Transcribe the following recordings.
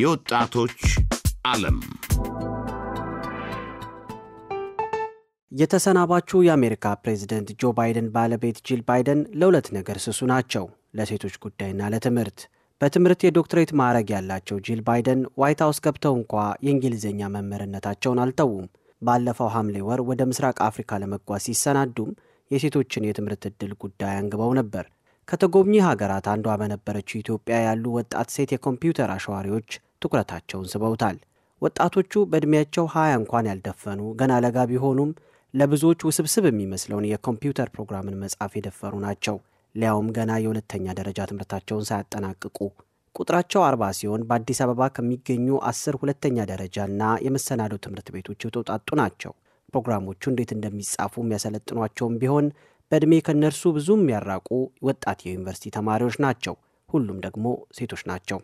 የወጣቶች ዓለም የተሰናባቹ የአሜሪካ ፕሬዝደንት ጆ ባይደን ባለቤት ጂል ባይደን ለሁለት ነገር ስሱ ናቸው፣ ለሴቶች ጉዳይና ለትምህርት። በትምህርት የዶክትሬት ማዕረግ ያላቸው ጂል ባይደን ዋይት ሀውስ ገብተው እንኳ የእንግሊዝኛ መምህርነታቸውን አልተዉም። ባለፈው ሐምሌ ወር ወደ ምስራቅ አፍሪካ ለመጓዝ ሲሰናዱም የሴቶችን የትምህርት ዕድል ጉዳይ አንግበው ነበር። ከተጎብኚ ሀገራት አንዷ በነበረችው ኢትዮጵያ ያሉ ወጣት ሴት የኮምፒውተር አሸዋሪዎች ትኩረታቸውን ስበውታል። ወጣቶቹ በዕድሜያቸው ሀያ እንኳን ያልደፈኑ ገና ለጋ ቢሆኑም ለብዙዎች ውስብስብ የሚመስለውን የኮምፒውተር ፕሮግራምን መጻፍ የደፈሩ ናቸው። ሊያውም ገና የሁለተኛ ደረጃ ትምህርታቸውን ሳያጠናቅቁ ቁጥራቸው አርባ ሲሆን በአዲስ አበባ ከሚገኙ አስር ሁለተኛ ደረጃና የመሰናዶ ትምህርት ቤቶች የተውጣጡ ናቸው። ፕሮግራሞቹ እንዴት እንደሚጻፉ የሚያሰለጥኗቸውም ቢሆን በዕድሜ ከእነርሱ ብዙም ያራቁ ወጣት የዩኒቨርሲቲ ተማሪዎች ናቸው። ሁሉም ደግሞ ሴቶች ናቸው።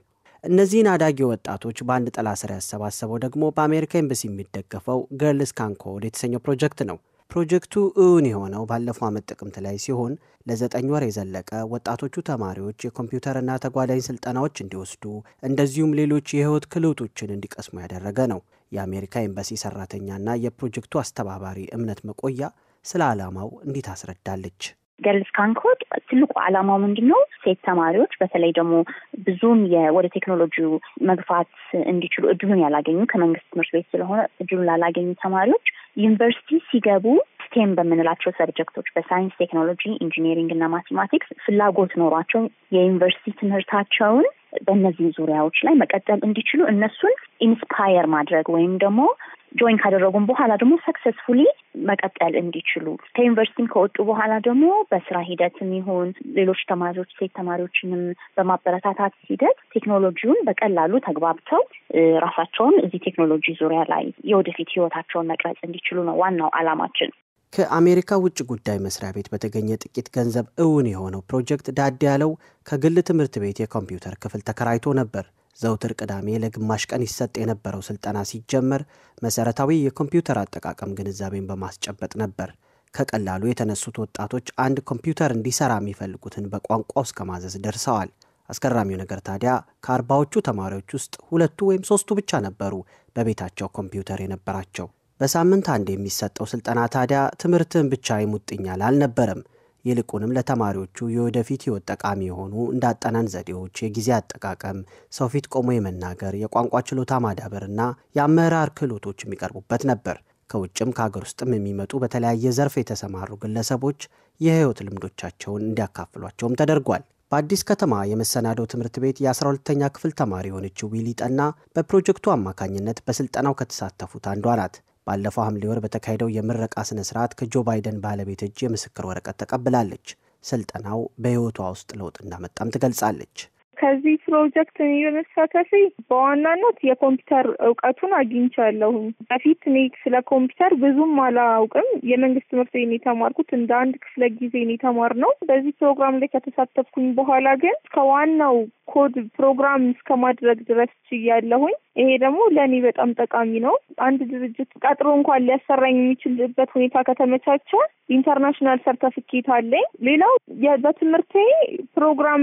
እነዚህን አዳጊ ወጣቶች በአንድ ጥላ ስር ያሰባሰበው ደግሞ በአሜሪካ ኤምበሲ የሚደገፈው ገርልስ ካን የተሰኘው ፕሮጀክት ነው። ፕሮጀክቱ እውን የሆነው ባለፈው ዓመት ጥቅምት ላይ ሲሆን ለዘጠኝ ወር የዘለቀ ወጣቶቹ ተማሪዎች የኮምፒውተርና ተጓዳኝ ስልጠናዎች እንዲወስዱ እንደዚሁም ሌሎች የህይወት ክህሎቶችን እንዲቀስሙ ያደረገ ነው። የአሜሪካ ኤምባሲ ሰራተኛና የፕሮጀክቱ አስተባባሪ እምነት መቆያ ስለ ዓላማው እንዲህ ገልስ ካንኮድ ትልቁ ዓላማው ምንድን ነው? ሴት ተማሪዎች በተለይ ደግሞ ብዙም ወደ ቴክኖሎጂ መግፋት እንዲችሉ እድሉን ያላገኙ ከመንግስት ትምህርት ቤት ስለሆነ እድሉን ላላገኙ ተማሪዎች ዩኒቨርሲቲ ሲገቡ ስቴም በምንላቸው ሰብጀክቶች በሳይንስ ቴክኖሎጂ፣ ኢንጂኒሪንግ እና ማቴማቲክስ ፍላጎት ኖሯቸው የዩኒቨርሲቲ ትምህርታቸውን በእነዚህ ዙሪያዎች ላይ መቀጠል እንዲችሉ እነሱን ኢንስፓየር ማድረግ ወይም ደግሞ ጆይን ካደረጉም በኋላ ደግሞ ሰክሰስፉሊ መቀጠል እንዲችሉ ከዩኒቨርሲቲም ከወጡ በኋላ ደግሞ በስራ ሂደትም ይሁን ሌሎች ተማሪዎች ሴት ተማሪዎችንም በማበረታታት ሂደት ቴክኖሎጂውን በቀላሉ ተግባብተው ራሳቸውን እዚህ ቴክኖሎጂ ዙሪያ ላይ የወደፊት ህይወታቸውን መቅረጽ እንዲችሉ ነው ዋናው አላማችን። ከአሜሪካ ውጭ ጉዳይ መስሪያ ቤት በተገኘ ጥቂት ገንዘብ እውን የሆነው ፕሮጀክት ዳድ ያለው ከግል ትምህርት ቤት የኮምፒውተር ክፍል ተከራይቶ ነበር። ዘውትር ቅዳሜ ለግማሽ ቀን ይሰጥ የነበረው ስልጠና ሲጀመር መሰረታዊ የኮምፒውተር አጠቃቀም ግንዛቤን በማስጨበጥ ነበር። ከቀላሉ የተነሱት ወጣቶች አንድ ኮምፒውተር እንዲሰራ የሚፈልጉትን በቋንቋው እስከ ማዘዝ ደርሰዋል። አስገራሚው ነገር ታዲያ ከአርባዎቹ ተማሪዎች ውስጥ ሁለቱ ወይም ሶስቱ ብቻ ነበሩ በቤታቸው ኮምፒውተር የነበራቸው። በሳምንት አንድ የሚሰጠው ስልጠና ታዲያ ትምህርትን ብቻ ይሙጥኛል አልነበረም። ይልቁንም ለተማሪዎቹ የወደፊት ህይወት ጠቃሚ የሆኑ እንዳጠናን ዘዴዎች፣ የጊዜ አጠቃቀም፣ ሰው ፊት ቆሞ የመናገር፣ የቋንቋ ችሎታ ማዳበርና የአመራር ክህሎቶች የሚቀርቡበት ነበር። ከውጭም ከሀገር ውስጥም የሚመጡ በተለያየ ዘርፍ የተሰማሩ ግለሰቦች የህይወት ልምዶቻቸውን እንዲያካፍሏቸውም ተደርጓል። በአዲስ ከተማ የመሰናዶ ትምህርት ቤት የ12ተኛ ክፍል ተማሪ የሆነችው ዊሊ ጠና በፕሮጀክቱ አማካኝነት በስልጠናው ከተሳተፉት አንዷ ናት። ባለፈው ሐምሌ ወር በተካሄደው የምረቃ ስነ ስርዓት ከጆ ባይደን ባለቤት እጅ የምስክር ወረቀት ተቀብላለች። ስልጠናው በሕይወቷ ውስጥ ለውጥ እንዳመጣም ትገልጻለች። ከዚህ ፕሮጀክት እኔ በመሳተፌ በዋናነት የኮምፒውተር እውቀቱን አግኝቻለሁ በፊት እኔ ስለ ኮምፒውተር ብዙም አላውቅም። የመንግስት ትምህርት ቤት የተማርኩት እንደ አንድ ክፍለ ጊዜ የተማርነው። በዚህ ፕሮግራም ላይ ከተሳተፍኩኝ በኋላ ግን ከዋናው ኮድ ፕሮግራም እስከ ማድረግ ድረስ ችያለሁኝ። ይሄ ደግሞ ለእኔ በጣም ጠቃሚ ነው። አንድ ድርጅት ቀጥሮ እንኳን ሊያሰራኝ የሚችልበት ሁኔታ ከተመቻቸ ኢንተርናሽናል ሰርተፊኬት አለኝ። ሌላው በትምህርቴ ፕሮግራም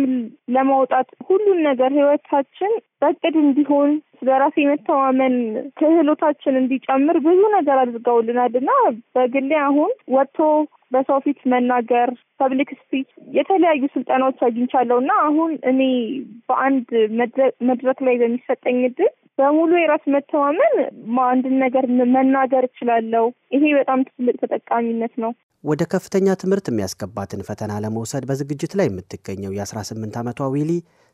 ለማውጣት ሁሉን ነገር ህይወታችን በቅድ እንዲሆን በራሴ መተማመን ክህሎታችን እንዲጨምር ብዙ ነገር አድርገውልናል እና በግሌ አሁን ወጥቶ በሰው ፊት መናገር ፐብሊክ ስፒች የተለያዩ ስልጠናዎች አግኝቻለሁ እና አሁን እኔ በአንድ መድረክ ላይ በሚሰጠኝ እድል በሙሉ የራስ መተማመን አንድን ነገር መናገር እችላለሁ። ይሄ በጣም ትልቅ ተጠቃሚነት ነው። ወደ ከፍተኛ ትምህርት የሚያስገባትን ፈተና ለመውሰድ በዝግጅት ላይ የምትገኘው የአስራ 18 ዓመቷ ዊሊ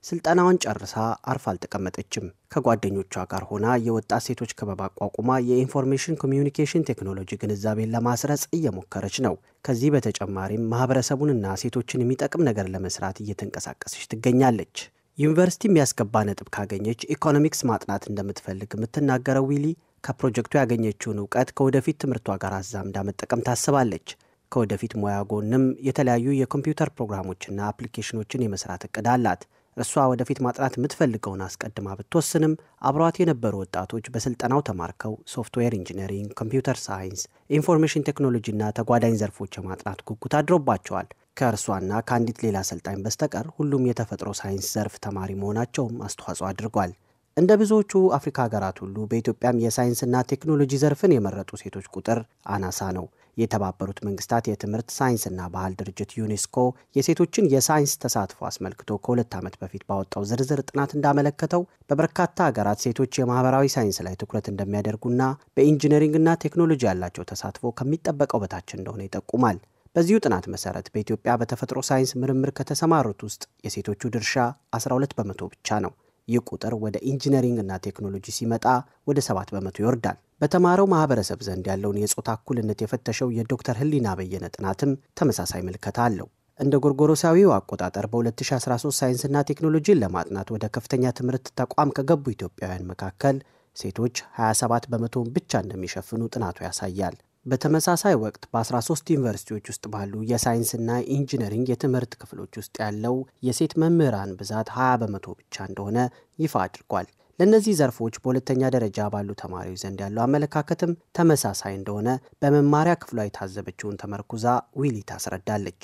ስልጠናዋን ጨርሳ አርፋ አልተቀመጠችም። ከጓደኞቿ ጋር ሆና የወጣት ሴቶች ክበብ አቋቁማ የኢንፎርሜሽን ኮሚዩኒኬሽን ቴክኖሎጂ ግንዛቤን ለማስረጽ እየሞከረች ነው። ከዚህ በተጨማሪም ማህበረሰቡንና ሴቶችን የሚጠቅም ነገር ለመስራት እየተንቀሳቀሰች ትገኛለች። ዩኒቨርሲቲ የሚያስገባ ነጥብ ካገኘች ኢኮኖሚክስ ማጥናት እንደምትፈልግ የምትናገረው ዊሊ ከፕሮጀክቱ ያገኘችውን እውቀት ከወደፊት ትምህርቷ ጋር አዛምዳ መጠቀም ታስባለች። ከወደፊት ሙያ ጎንም የተለያዩ የኮምፒውተር ፕሮግራሞችና አፕሊኬሽኖችን የመስራት እቅድ አላት። እሷ ወደፊት ማጥናት የምትፈልገውን አስቀድማ ብትወስንም አብሯት የነበሩ ወጣቶች በስልጠናው ተማርከው ሶፍትዌር ኢንጂነሪንግ፣ ኮምፒውተር ሳይንስ፣ ኢንፎርሜሽን ቴክኖሎጂና ተጓዳኝ ዘርፎች የማጥናት ጉጉት አድሮባቸዋል። ከእርሷና ከአንዲት ሌላ አሰልጣኝ በስተቀር ሁሉም የተፈጥሮ ሳይንስ ዘርፍ ተማሪ መሆናቸውም አስተዋጽኦ አድርጓል። እንደ ብዙዎቹ አፍሪካ ሀገራት ሁሉ በኢትዮጵያም የሳይንስና ቴክኖሎጂ ዘርፍን የመረጡ ሴቶች ቁጥር አናሳ ነው። የተባበሩት መንግስታት የትምህርት ሳይንስና ባህል ድርጅት ዩኔስኮ የሴቶችን የሳይንስ ተሳትፎ አስመልክቶ ከሁለት ዓመት በፊት ባወጣው ዝርዝር ጥናት እንዳመለከተው በበርካታ ሀገራት ሴቶች የማህበራዊ ሳይንስ ላይ ትኩረት እንደሚያደርጉና በኢንጂነሪንግና ቴክኖሎጂ ያላቸው ተሳትፎ ከሚጠበቀው በታች እንደሆነ ይጠቁማል። በዚሁ ጥናት መሰረት በኢትዮጵያ በተፈጥሮ ሳይንስ ምርምር ከተሰማሩት ውስጥ የሴቶቹ ድርሻ 12 በመቶ ብቻ ነው። ይህ ቁጥር ወደ ኢንጂነሪንግ እና ቴክኖሎጂ ሲመጣ ወደ 7 በመቶ ይወርዳል። በተማረው ማህበረሰብ ዘንድ ያለውን የጾታ እኩልነት የፈተሸው የዶክተር ህሊና በየነ ጥናትም ተመሳሳይ ምልከታ አለው። እንደ ጎርጎሮሳዊው አቆጣጠር በ2013 ሳይንስና ቴክኖሎጂን ለማጥናት ወደ ከፍተኛ ትምህርት ተቋም ከገቡ ኢትዮጵያውያን መካከል ሴቶች 27 በመቶውን ብቻ እንደሚሸፍኑ ጥናቱ ያሳያል። በተመሳሳይ ወቅት በ13 ዩኒቨርሲቲዎች ውስጥ ባሉ የሳይንስና ኢንጂነሪንግ የትምህርት ክፍሎች ውስጥ ያለው የሴት መምህራን ብዛት 20 በመቶ ብቻ እንደሆነ ይፋ አድርጓል። ለእነዚህ ዘርፎች በሁለተኛ ደረጃ ባሉ ተማሪዎች ዘንድ ያለው አመለካከትም ተመሳሳይ እንደሆነ በመማሪያ ክፍሏ የታዘበችውን ተመርኩዛ ዊሊ ታስረዳለች።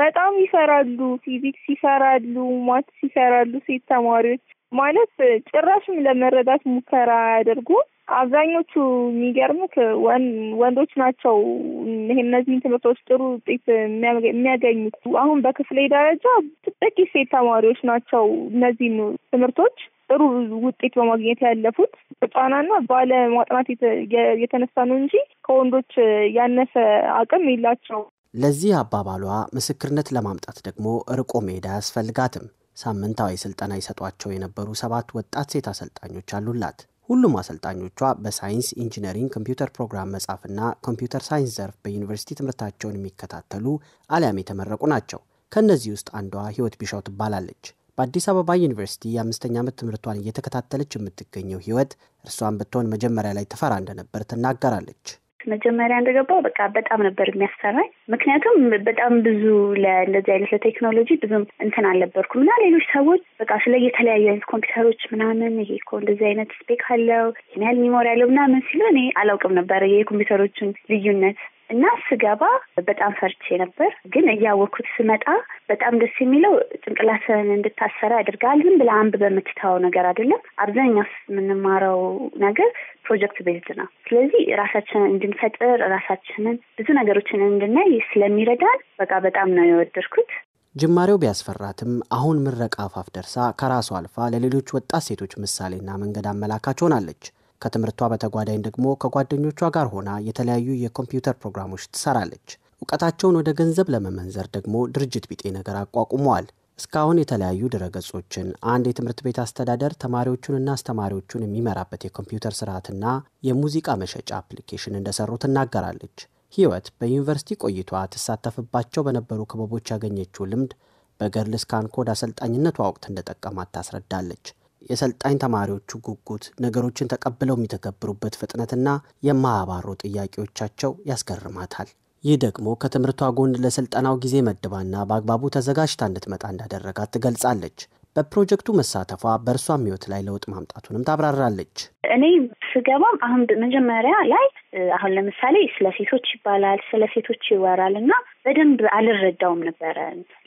በጣም ይፈራሉ። ፊዚክስ ይፈራሉ፣ ማትስ ይፈራሉ። ሴት ተማሪዎች ማለት ጭራሽም ለመረዳት ሙከራ አያደርጉም። አብዛኞቹ የሚገርሙት ወንዶች ናቸው። ይሄ እነዚህን ትምህርቶች ጥሩ ውጤት የሚያገኙት አሁን በክፍሌ ደረጃ ጥቂት ሴት ተማሪዎች ናቸው እነዚህን ትምህርቶች ጥሩ ውጤት በማግኘት ያለፉት ሕፃናና ባለማጥናት የተነሳ ነው እንጂ ከወንዶች ያነሰ አቅም የላቸው። ለዚህ አባባሏ ምስክርነት ለማምጣት ደግሞ ርቆ መሄድ አያስፈልጋትም። ሳምንታዊ ስልጠና ይሰጧቸው የነበሩ ሰባት ወጣት ሴት አሰልጣኞች አሉላት። ሁሉም አሰልጣኞቿ በሳይንስ፣ ኢንጂነሪንግ፣ ኮምፒውተር ፕሮግራም መጻፍና ኮምፒውተር ሳይንስ ዘርፍ በዩኒቨርሲቲ ትምህርታቸውን የሚከታተሉ አሊያም የተመረቁ ናቸው። ከእነዚህ ውስጥ አንዷ ህይወት ቢሻው ትባላለች። በአዲስ አበባ ዩኒቨርሲቲ የአምስተኛ ዓመት ትምህርቷን እየተከታተለች የምትገኘው ህይወት እርሷን ብትሆን መጀመሪያ ላይ ትፈራ እንደነበር ትናገራለች። መጀመሪያ እንደገባው በቃ በጣም ነበር የሚያሰራኝ። ምክንያቱም በጣም ብዙ ለእንደዚህ አይነት ለቴክኖሎጂ ብዙም እንትን አልነበርኩም እና ሌሎች ሰዎች በቃ ስለ የተለያዩ አይነት ኮምፒውተሮች ምናምን ይሄ እኮ እንደዚህ አይነት ስፔክ አለው ይህን ያህል ሚሞሪ አለው ምናምን ሲሉ እኔ አላውቅም ነበር የኮምፒውተሮችን ልዩነት እና ስገባ በጣም ፈርቼ ነበር። ግን እያወቅኩት ስመጣ በጣም ደስ የሚለው ጭንቅላትን እንድታሰራ ያደርጋል። ዝም ብለህ አንብ በምትታወው ነገር አይደለም። አብዛኛው የምንማረው ነገር ፕሮጀክት ቤዝድ ነው። ስለዚህ ራሳችንን እንድንፈጥር ራሳችንን ብዙ ነገሮችን እንድናይ ስለሚረዳን በቃ በጣም ነው የወደድኩት። ጅማሬው ቢያስፈራትም አሁን ምረቃ አፋፍ ደርሳ ከራሷ አልፋ ለሌሎች ወጣት ሴቶች ምሳሌና መንገድ አመላካች ሆናለች። ከትምህርቷ በተጓዳኝ ደግሞ ከጓደኞቿ ጋር ሆና የተለያዩ የኮምፒውተር ፕሮግራሞች ትሰራለች። እውቀታቸውን ወደ ገንዘብ ለመመንዘር ደግሞ ድርጅት ቢጤ ነገር አቋቁመዋል። እስካሁን የተለያዩ ድረገጾችን፣ አንድ የትምህርት ቤት አስተዳደር ተማሪዎቹንና አስተማሪዎቹን የሚመራበት የኮምፒውተር ስርዓትና የሙዚቃ መሸጫ አፕሊኬሽን እንደሰሩ ትናገራለች። ህይወት በዩኒቨርሲቲ ቆይቷ ትሳተፍባቸው በነበሩ ክበቦች ያገኘችው ልምድ በገርልስ ካንኮድ አሰልጣኝነቷ ወቅት እንደጠቀማት ታስረዳለች። የሰልጣኝ ተማሪዎቹ ጉጉት፣ ነገሮችን ተቀብለው የሚተገብሩበት ፍጥነትና የማያባሩ ጥያቄዎቻቸው ያስገርማታል። ይህ ደግሞ ከትምህርቷ ጎን ለስልጠናው ጊዜ መድባና በአግባቡ ተዘጋጅታ እንድትመጣ እንዳደረጋት ትገልጻለች። በፕሮጀክቱ መሳተፏ በእርሷም ሕይወት ላይ ለውጥ ማምጣቱንም ታብራራለች። እኔ ስገባም አሁን መጀመሪያ ላይ አሁን ለምሳሌ ስለ ሴቶች ይባላል፣ ስለ ሴቶች ይወራል እና በደንብ አልረዳውም ነበረ።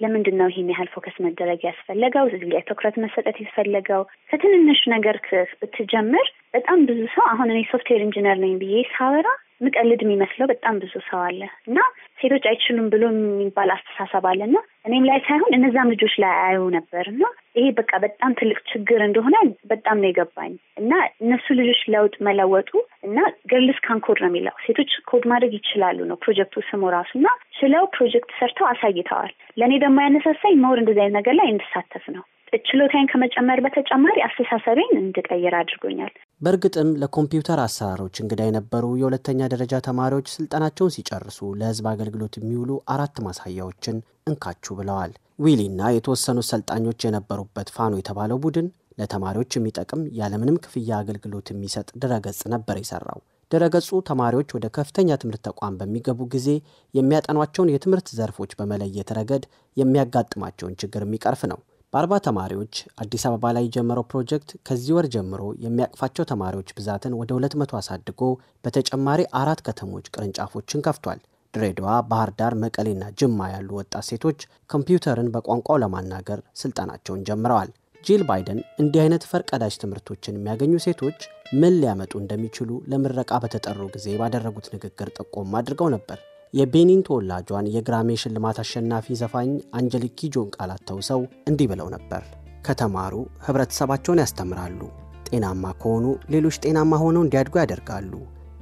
ለምንድን ነው ይህን ያህል ፎከስ መደረግ ያስፈለገው? እዚህ ላይ ትኩረት መሰጠት የተፈለገው? ከትንንሽ ነገር ብትጀምር በጣም ብዙ ሰው አሁን እኔ ሶፍትዌር ኢንጂነር ነኝ ብዬ ሳወራ ምቀልድ የሚመስለው በጣም ብዙ ሰው አለ እና ሴቶች አይችሉም ብሎ የሚባል አስተሳሰብ አለ እና እኔም ላይ ሳይሆን እነዛም ልጆች ላይ አየው ነበር እና ይሄ በቃ በጣም ትልቅ ችግር እንደሆነ በጣም ነው የገባኝ እና እነሱ ልጆች ለውጥ መለወጡ እና ገርልስ ካንኮድ ነው የሚለው ሴቶች ኮድ ማድረግ ይችላሉ ነው ፕሮጀክቱ ስሙ ራሱ እና ችለው ፕሮጀክት ሰርተው አሳይተዋል። ለእኔ ደግሞ ያነሳሳኝ መውር እንደዚህ አይነት ነገር ላይ እንድሳተፍ ነው። ችሎታዬን ከመጨመር በተጨማሪ አስተሳሰቤን እንድቀይር አድርጎኛል። በእርግጥም ለኮምፒውተር አሰራሮች እንግዳ የነበሩ የሁለተኛ ደረጃ ተማሪዎች ስልጠናቸውን ሲጨርሱ ለሕዝብ አገልግሎት የሚውሉ አራት ማሳያዎችን እንካችሁ ብለዋል። ዊሊና የተወሰኑ ሰልጣኞች የነበሩበት ፋኖ የተባለው ቡድን ለተማሪዎች የሚጠቅም ያለምንም ክፍያ አገልግሎት የሚሰጥ ድረገጽ ነበር የሰራው። ድረገጹ ተማሪዎች ወደ ከፍተኛ ትምህርት ተቋም በሚገቡ ጊዜ የሚያጠኗቸውን የትምህርት ዘርፎች በመለየት ረገድ የሚያጋጥማቸውን ችግር የሚቀርፍ ነው። በአርባ ተማሪዎች አዲስ አበባ ላይ የጀመረው ፕሮጀክት ከዚህ ወር ጀምሮ የሚያቅፋቸው ተማሪዎች ብዛትን ወደ 200 አሳድጎ በተጨማሪ አራት ከተሞች ቅርንጫፎችን ከፍቷል። ድሬዳዋ፣ ባህር ዳር፣ መቀሌና ጅማ ያሉ ወጣት ሴቶች ኮምፒውተርን በቋንቋው ለማናገር ስልጠናቸውን ጀምረዋል። ጂል ባይደን እንዲህ አይነት ፈርቀዳጅ ትምህርቶችን የሚያገኙ ሴቶች ምን ሊያመጡ እንደሚችሉ ለምረቃ በተጠሩ ጊዜ ባደረጉት ንግግር ጠቆም አድርገው ነበር። የቤኒን ተወላጇን የግራሜ ሽልማት አሸናፊ ዘፋኝ አንጀሊክ ኪጆን ቃላት ተውሰው እንዲህ ብለው ነበር። ከተማሩ ህብረተሰባቸውን ያስተምራሉ። ጤናማ ከሆኑ ሌሎች ጤናማ ሆነው እንዲያድጉ ያደርጋሉ።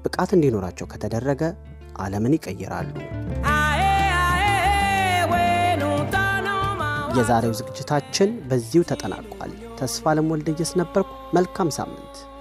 ብቃት እንዲኖራቸው ከተደረገ ዓለምን ይቀይራሉ። የዛሬው ዝግጅታችን በዚሁ ተጠናቋል። ተስፋ ለሞልደየስ ነበርኩ። መልካም ሳምንት።